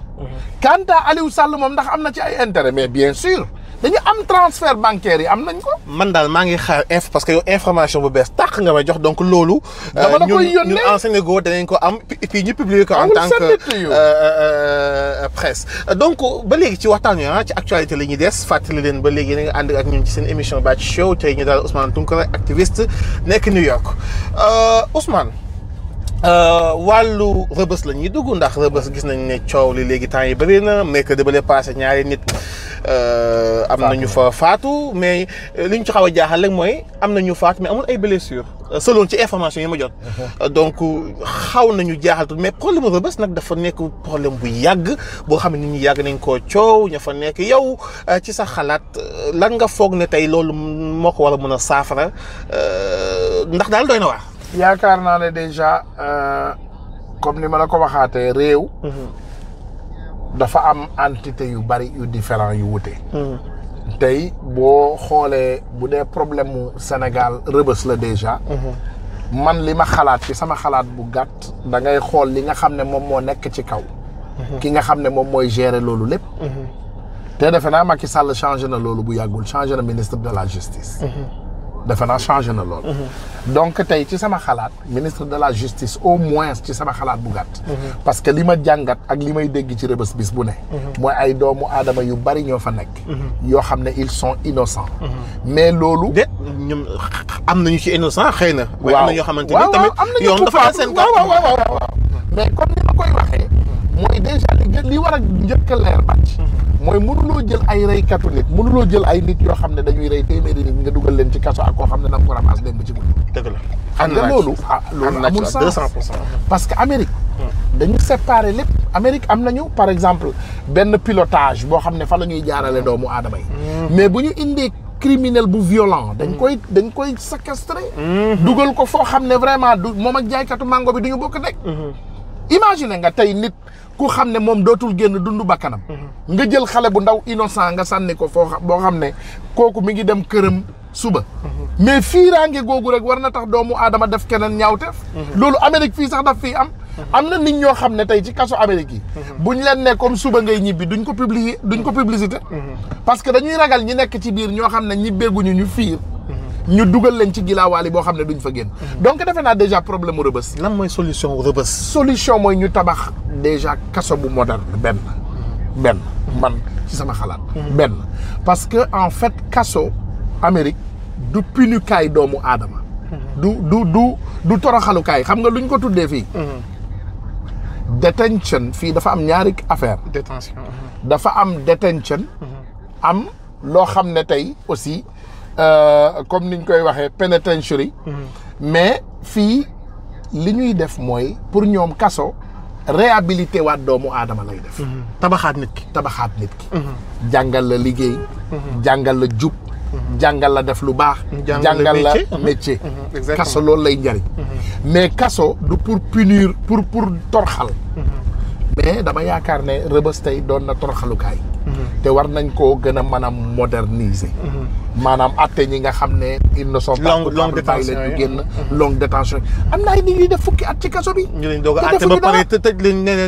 Speaker 2: quant à Aliou Sall moom ndax am na ci ay intérêt bien sûr. dañu am transfert bancaire yi am nañ ko. man daal maa ngi xaar inf parce que yow information bu bees tàq nga may jox donc loolu. Euh, dama la koy yónnee ñun ñun en Sénégal danañ ko am et puis ñu publier ko en tant que euh, euh, presse. donc ba léegi ci waxtaan wi ah ci actualité la ñuy des fàttali leen ba léegi ne nga ak ñun ci seen émission Bathie Show tey ñu daal Ousmane Tounkara activiste nekk New York Ousmane. Euh, wàllu rëbës la ñuy dugg ndax rëbës gis nañ ne coow li léegi temps yi bëri na mercredi ba passé ñaari nit. Euh, am na ñu fa faatu mais euh, li ñu ci xaw a jaaxal rek mooy am na ñu faatu mais amul ay blessures. selon ci information yi ma jot. donc xaw nañu jaaxal tuuti mais problème mu rëbës nag dafa nekk problème bu yàgg boo xam ni nit ñi yàgg nañ koo coow ña fa nekk yow ci sa xalaat lan nga foog ne tey loolu moo ko war a mën a saafara ndax daal doy na waar. yaakaar naa ne déjà euh, comme ni ma la ko waxaatee réew. Mhm. dafa am entité yu bari yu différent yu wute. Mhm. tey boo xoolee bu dee problème mu Sénégal rëbës la déjà. Mhm. man li ma xalaat ci sama xalaat bu gàtt da ngay xool li nga xam ne moom moo nekk ci kaw. ki nga xam ne moom mooy gérer loolu lépp. te defe naa Macky Sall changé na loolu bu yàggul changé na ministre de la justice. defe naa changé na lool. Mhm. donc tey ci sama xalaat ministre de la justice au moins ci sama xalaat bu gàtt. Mhm. parce que li ma jàngat ak li may dégg ci rëbës bis bu ne. Mhm. mooy ay doomu aadama yu bari ñoo fa nekk. yoo xam ne ils sont innocents. mais loolu. de ñoom am nañu ci innocent xëy na. waaw am na ñoo xamante ne tamit yoon dafa seen waaw waaw waaw mais comme ni ma koy waxee. mooy déjà li war a njëkk leer bàcc. mooy mënuloo jël ay reykatu nit mënuloo jël ay nit yoo xam ne dañuy rey téeméeri nit nga dugal leen ci kaso ak koo xam ne da nga ko ramasse dem ba ci guddi. loolu. Ah, parce que Amérique. Hmm. dañu séparer lépp Amérique am nañu par exemple benn pilotage boo xam ne fa la ñuy jaarale doomu aadama yi. Hmm. mais bu ñu indee criminel bu violent. dañ hmm. koy dañ koy séquestrer. dugal ko foo xam ne vraiment du moom ak jaaykatu mango bi du ñu bokk nekk. imagine nga tey nit. ku xam ne moom dootul génn dundu bakkanam mhm. nga jël xale bu ndaw innocent nga sànni ko foo boo xam ne kooku mi ngi dem këram suba mhm. mais fiiraange googu rek war na tax doomu aadama def keneen ñaawteef mhm. loolu Amérique fii sax daf fii am am na nit ñoo xam ne tey ci kaso Amérique yi ñu leen ne comme suba ngay ñibbi duñ ko publier duñ ko publicité parce que dañuy ragal ñi nekk ci biir ñoo xam ne ñi ñibbeeguñu ñu fiir ñu dugal leen ci gilaawaali boo xam ne duñ fa génn. Mhm. donc defe naa déjà problème mu rëbës. lan mooy solution wu rëbës. solution mooy ñu tabax déjà kaso bu moderne benn mhm. benn man ci sama xalaat. Mhm. benn parce que en fait kaso Amérique du pinukaay doomu aadama. du du du du toroxalukaay xam nga lu luñ ko tuddee fii. detention fii dafa am ñaari affaire détention dafa am detention am loo xam ne tey aussi. Euh, comme niñ koy waxee pénitentiary mhm. mais fii li ñuy def mooy pour ñoom kaso réhabilité waat doomu aadama lay def mhm. tabaxaat nit ki tabaxaat nit ki mhm. jàngal la liggéey jàngal la jub jàngal la def lu baax jàngal la métier kaso loolu lay njariñ mais kaso du pour punir pour pour torxal mais dama yaakaar ne rëbës tey doon na toroxalukaay. Mhm. te war nañ koo gën a mën a moderniser. Mhm. maanaam atte ñi nga xam ne. ils ne sont pas coupables bàyyi leen ñu génn mhm. longue détention am na ay nit ñuy def fukki at ci kaso bi. ñu leen doog a atte ba pare te tëj na.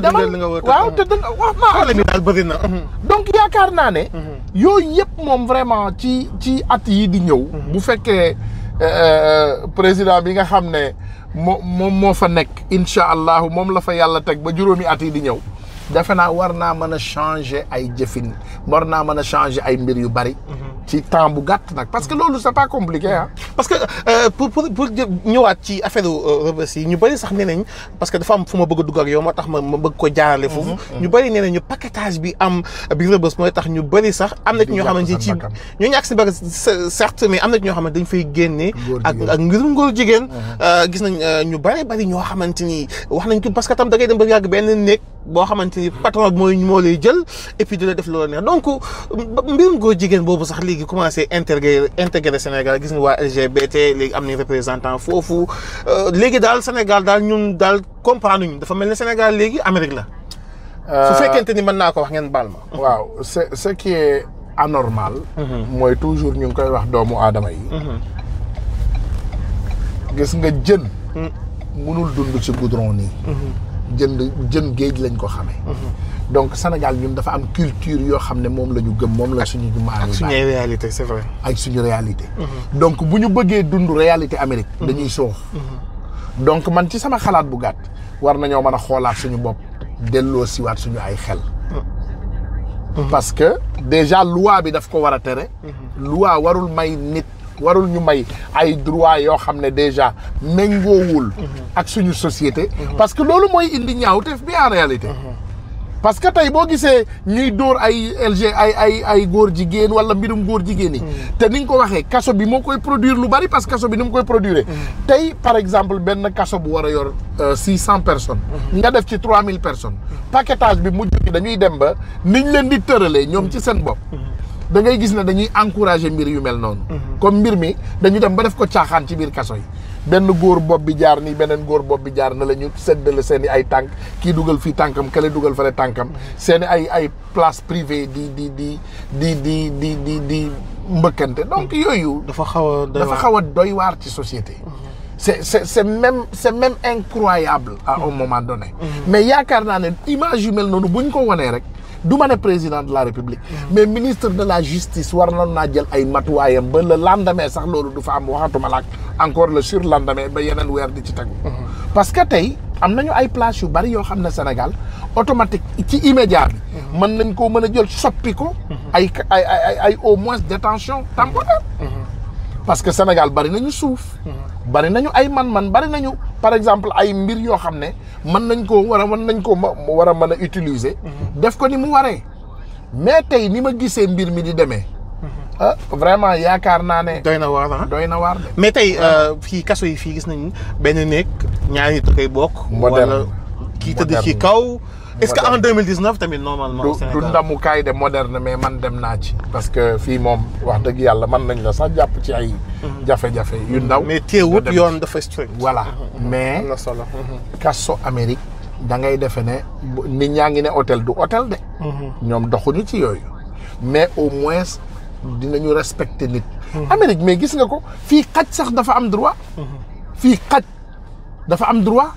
Speaker 2: dem leen waaw te dëgg wax naa. problème yi daal bëri na. donc yaakaar naa ne. yooyu yëpp moom vraiment ci ci at yi di ñëw. bu fekkee euh, euh, président bi nga xam ne. moo moom moo fa nekk incha allahu moom la fa yàlla teg ba juróomi at yi di ñëw defe naa war naa mën a changer ay jëfin war naa mën a changer ay mbir yu bari mm-hmm. ci temps bu gàtt nag parce que loolu c'est pas compliqué ah. parce que euh, pour pour pour ci affaire euh, rëbës yi ñu bari sax nee nañ parce que dafa am fu ma bëgg a dugg moo tax ma ma bëgg ko jaarale foofu. Mm-hmm, mm-hmm. ñu bëri nee nañu paquetage bi am bi rëbës mooy tax ñu bëri sax am na ci ñoo xamante ci ñoo ñàkk si bëgg certes mais am na ci ñoo xamante dañ fay génne. ak ak mbirum ngóor jigéen. Mm-hmm. Euh, gis nañ ñu bare bari ñoo xamante ni wax nañ ko parce que tam da ngay dem ba yàgg benn néeg boo xamante ni patron bi mooy moo lay jël et puis di boobu sax li léegi commencé intégré intégré Sénégal gis nga waa LGBT léegi am nañ représentant foofu euh, léegi daal Sénégal daal ñun daal comprendre ñu dafa mel ni Sénégal léegi Amérique la. su euh, fekkente ni mën naa ko wax ngeen baal ma. waaw ce ce qui est anormal. Mhm. mooy toujours ñu ngi koy wax doomu aadama yi. Mhm. gis nga jën. mënul mm. dund ci goudron nii. Mhm. jënd jën géej lañ ko xamee. Mhm. donc Sénégal ñun dafa am culture yoo xam ne moom la ñu gëm moom la suñu maam yi suñuy réalité c'est vrai. ak suñu réalité. Mhm. donc bu ñu bëggee dund réalité Amérique. Mhm. dañuy soox. donc man ci sama xalaat bu gàtt war nañoo mën a xoolaat suñu bopp delloo siwaat suñu ay xel. parce que déjà loi bi daf ko war a tere. loi warul may nit. warul ñu may ay droit yoo xam ne déjà méngoowul ak suñu société mhm. parce que loolu mooy indi ñaawteef bi en réalité mhm. parce que tey boo gisee ñuy dóor ay LG ay ay ay góor jigéen wala mbirum góor jigéen yi mhm. te ni nga ko waxee kaso bi moo koy produire lu bari parce que kaso bi ni mu koy produire tey par exemple benn kaso bu war a yor euh, six cent personnes nga def ci trois mille personnes paquetage bi mujj gi dañuy dem ba niñ leen di tëralee ñoom ci seen bopp da ngay gis ne dañuy encourager mbir yu mel noonu. Mhm. comme mbir mi dañu dem ba def ko caaxaan ci biir kaso yi. benn góor bopp bi jaar ni beneen góor bopp bi jaar na la ñu séddale seen i ay tànk kii dugal fii tànkam kele dugal fale tànkam. Mhm. seen i ay ay place privée di di di di di di di di mbëkkante mhm. donc yooyu. dafa xaw a doy waar xaw doy waar ci société. c'est c'est c'est même c'est même incroyable à un moment donné. mais yaakaar naa ne image yu mel noonu bu ñu ko wanee rek. du ma ne président de la république mm. mais ministre de la justice war na naa jël ay matuwaayam ba le lendemain sax loolu du fa am waxatuma laak encore la sur surlendemain ba yeneen weer di ci tegu mm-hmm. parce que tey am nañu ay place yu bari yoo xam ne Sénégal automatique ci immédiat bi mm-hmm. mën nañ koo mën a jël soppi ko mm-hmm. ay ay ay ay au moins détention temporaire parce que Sénégal bari nañu suuf. Mhm. bari nañu ay man-man bari nañu par exemple ay mbir yoo xam ne mën nañ ko war a mën nañ koo war a mën a utiliser. Mhm. def ko ni mu waree. mais tey ni ma gisee mbir mi di demee. Mhm. ah vraiment yaakaar naa ne. doy na waar ah. na waar de. mais tey euh, fii kaso yi fii gis nañu benn néeg ñaari nit koy bokk. moderne wala kii tëdd ci kaw. est-ce que en 2019 tamit normalement. du ndamu kaay de moderne mais man dem naa ci. parce que fii moom wax dëgg yàlla mën nañ la sax jàpp ci ay. jafe-jafe yu ndaw. mais teewut yoon dafa strict. voilà mhm. Mhm. mais am solo. Mhm. kaso Amérique da ngay defe ne nit ñaa ngi ne hôtel du hôtel de. ñoom doxuñu ci yooyu. mais au moins dinañu respecter nit. Amérique mais gis nga ko fii xaj sax dafa am droit. fii xaj dafa am droit.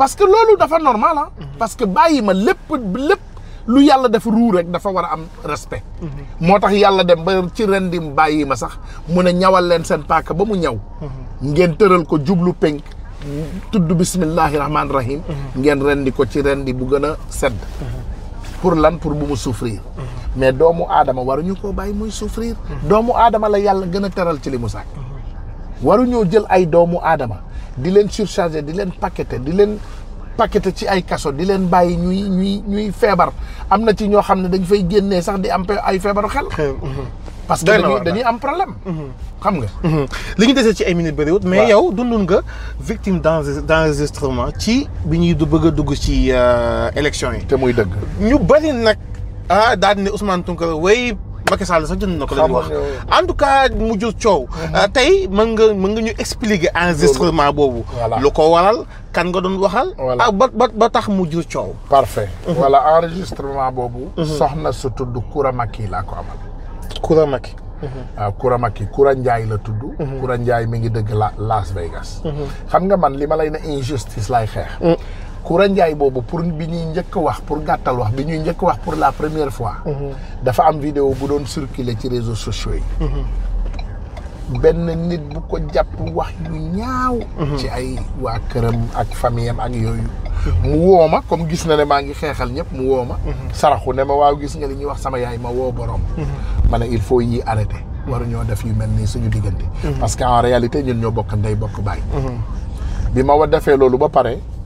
Speaker 2: parce que loolu dafa normal ah. mhm. parce que bàyyi ma lépp lépp lu yàlla def ruur rek dafa war a am respect. Mhm. moo tax yàlla dem ba ci rendim bàyyi ma sax mun ne ñawal leen seen paaka ba mu ñaw. Mhm. ngeen tëral ko jublu penk. tudd bismillahi rahmaani rahim. ngeen rendi ko ci rendi bu gën a sedd. pour lan pour bu mu souffrir. mais doomu aadama ñu koo bàyyi muy souffrir. doomu aadama la yàlla gën a teral ci li mu sàkk. ñoo jël ay doomu aadama. di leen surchargé di leen paqueté di leen paqueté ci ay kaso di leen bàyyi ñuy ñuy ñuy feebar am na ci ñoo xam ne dañ fay génnee sax di am ay feebaru xel. Mhm. parce que dañuy dañuy am problème. Mhm. xam nga. Mhm. li ñu defee ci ay minutes bëriwut. mais yow dundun nga victime d' enregistrement ci bi ñuy bëgg a dugg ci euh, élection yi. te muy dëgg. ñu bëri nag ah daal ne Ousmane Tounkara way Macky Sall sax jënd na ko lañuy wax en tout cas mu jur coow. Mm-hmm. Euh, tey mën nga mën nga ñu expliquer enregistrement boobu. lu ko waral kan nga doon waxal. ah ba ba tax mu coow. parfait mm-hmm. voilà enregistrement boobu. Mm-hmm. soxna su tudd Koura Macky laa ko amal. Koura ah, Macky. kura Koura la tudd. Koura Ndiaye mi ngi dëgg la Las Vegas. xam nga man li ma lay ne injustice lay xeex. Mm. Koura Ndiaye boobu pour bi ñuy njëkk wax pour gàttal wax bi ñuy njëkk wax pour la première fois. Mhm. dafa am vidéo bu doon circuler ci réseau sociaux yi. Mhm. benn nit bu ko jàpp wax yu ñaaw. Mhm. ci ay waa këram ak famille am ak yooyu. mu woo ma comme gis na ne maa ngi xeexal ñëpp mu woo ma. saraxu ne ma waaw gis nga li ñuy wax sama yaay ma woo borom. ma ne il faut yi arrêté. ñoo def yu mel nii suñu diggante. parce que en réalité ñun ñoo bokk ndey bokk baay. bi ma wa defee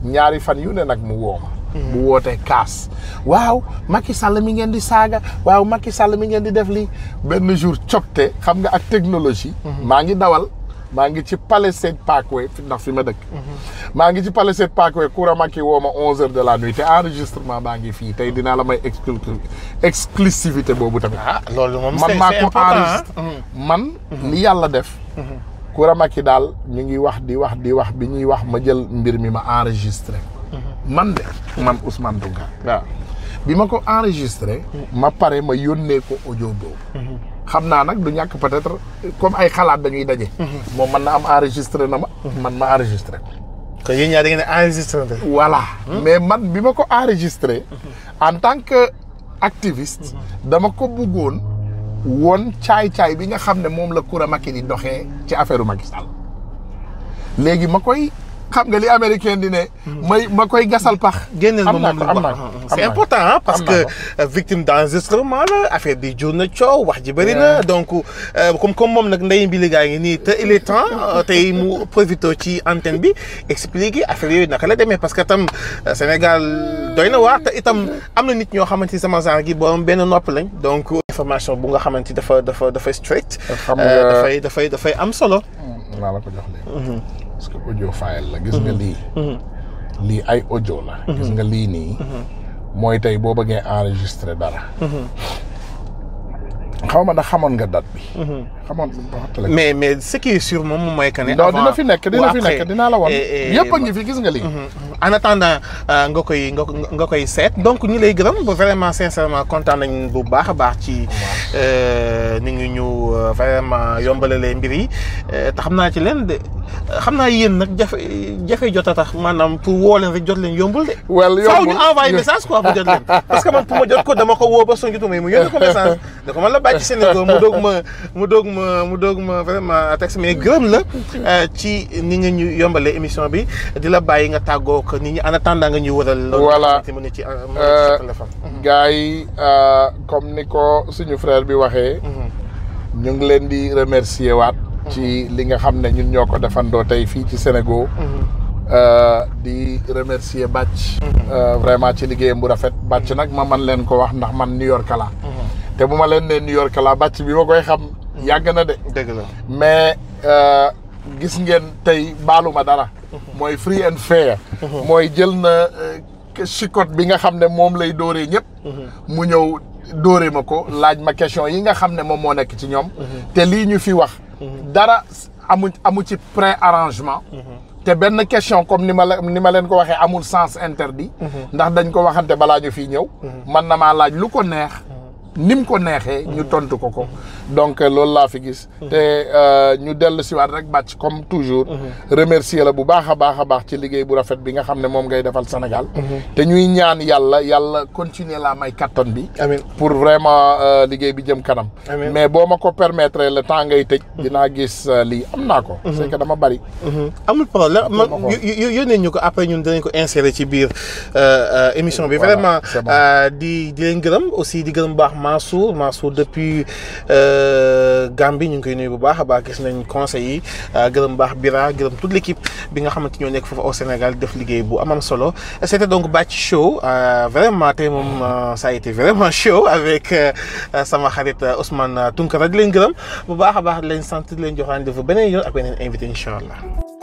Speaker 2: ñaari fan yu ne nag mu woo ma bu wootee kaas waaw makki Sall mi ngeen di saaga waaw Macky Sall mi ngeen di def lii benn jour copte xam nga ak technologie mhm. maa ngi dawal maa ngi ci pale Palisades Parkway ndax fi ma dëkk mhm. maa ngi ci Palisades Parkway Koura Macky woo ma onze heures de la nuit te enregistrement baa ngi fii tey dinaa la may exclusivité boobu tamit ah, loolu moom man maa ko enregistré mhm. man li yàlla def Kouramaki daal ñu ngi wax di wax di wax bi ñuy wax ma jël mbir mi ma enregistré. man de man Ousmane Tounkara. waaw bi ma ko enregistré. ma pare ma yónnee ko audio xam naa nag du ñàkk peut-être comme ay xalaat dañuy daje. moom mën na am enregistré na ma. man ma enregistré ko. que yéen ñaar da ngeen di enregistré. voilà mais man bi ma ko enregistré. en tant que activiste. dama ko bëggoon. won caay-caay bi nga xam ne moom la Coura Macky di doxee ci affaire Macky Sall léegi ma koy xam nga li américain di ne. may ma koy gasal pax. génneel ma moom am naa c'est important ah parce que euh, victime d'enregistrement la affaire bi jur na coow wax ji bëri na donc euh, comme comme moom nag ndey mbi ligaa ngi nii te il est temps euh, tey mu profité ci antenne bi expliquer affaire yooyu naka la demee parce que tam Sénégal doy na waar te itam am na nit ñoo xamante ni sama genre gi borom benn nopp lañ donc information bu nga xamante dafa dafa dafay strict. dafay dafay dafay am solo. parce que audio file la gis nga mhm. lii mhm. lii ay audio la mhm. gis nga lii nii mooy tey boo bëggee enregistré dara xaw ma ndax xamoon nga date bi. xamoon mais mais ce qui est moom mooy que ne. avant dina fi nekk dina fi la wan. yëpp a ngi fi gis nga lii. en attendant euh, nga koy nga nga koy seet. donc ñu lay gërëm vraiment sincèrement kontaan nañ bu baax a baax ci euh, ni ngi ñu euh, vraiment yombalalee mbir yi te xam naa ci leen xam naa yéen nag jafe jafe jot a tax maanaam pour woo leen rek jot leen yombul de. wel yombul faaw ñu envoyé message quoi bu jot leen parce que man pour jot ko dama ko woo ba soo jotuma mu yónnee ko message. da ko man la bàyyi ci Sénégal mu doog ma mu doog ma mu doog ma vraiment teg mais gërëm la euh, ci ni nga ñu yombalee émission bi di la bàyyi nga tàggoo ko nit ñi en attendant nga ñuy waral. voilà loolu ci euh, téléphone. Mhm. gars yi euh, comme ni ko suñu frère bi waxee. Mhm. ñu ngi leen di remercier waat. ci li nga xam ne ñun ñoo ko defandoo tey fii ci Sénégal. Euh, di remercier Bàcc. Euh, vraiment ci liggéeyam bu rafet. Bàcc nag ma man leen ko wax ndax man New York la mhm. te bu ma leen nee New York la Bàcc bi ma koy xam. Mhm. yàgg na de. dëgg la mais euh, gis ngeen tey baaluma dara. Mhm. mooy free and fair. mooy jël na chicote bi nga xam ne moom lay dóoree ñëpp. mu ñëw dóoree ma ko laaj ma question yi nga xam ne moom moo nekk ci ñoom. te lii ñu fi wax. dara amu amu ci pré-arrangement. te benn question comme ni ma la ni ma leen ko waxee amul sens interdit. ndax dañ ko waxante balaa ñu fi ñëw. Mhm. man na maa laaj lu ko neex. nim ko neexee ñu tontu ko ko. donc euh, loolu laa fi gis. Mhm. te euh, ñu dellu siwaat rek bàcc comme toujours. Mhm. remercier la bu baax a baax a baax ci liggéey bu rafet bi nga xam ne moom ngay defal Sénégal. Mhm. te ñuy ñaan yàlla yàlla continuer laa may katton bi. amiin pour vraiment euh, liggéey bi jëm kanam. mais boo ma ko permettre le temps ngay tëj. dinaa gis lii am naa ko. c'est que dama bari. amul problème man yónnee ñu ko après ñun dinañ ko insérer ci biir émission bi. vraiment di di leen gërëm aussi di gërëm baax Mansour Mansour depuis. Euh, Gambie ñu ngi koy nuyu bu baax a baax gis nañ conseil yi euh, gërëm baax Bira gërëm toute l' équipe bi nga xamante ñoo nekk foofu au Sénégal def liggéey bu amam solo c' était donc Bathie Show euh, vraiment tey moom ça vraiment chaud avec sama xarit Ousmane Tounkara di leen gërëm bu baax a baax di leen sant di leen jox rendez-vous beneen yoon ak beneen invité incha allah.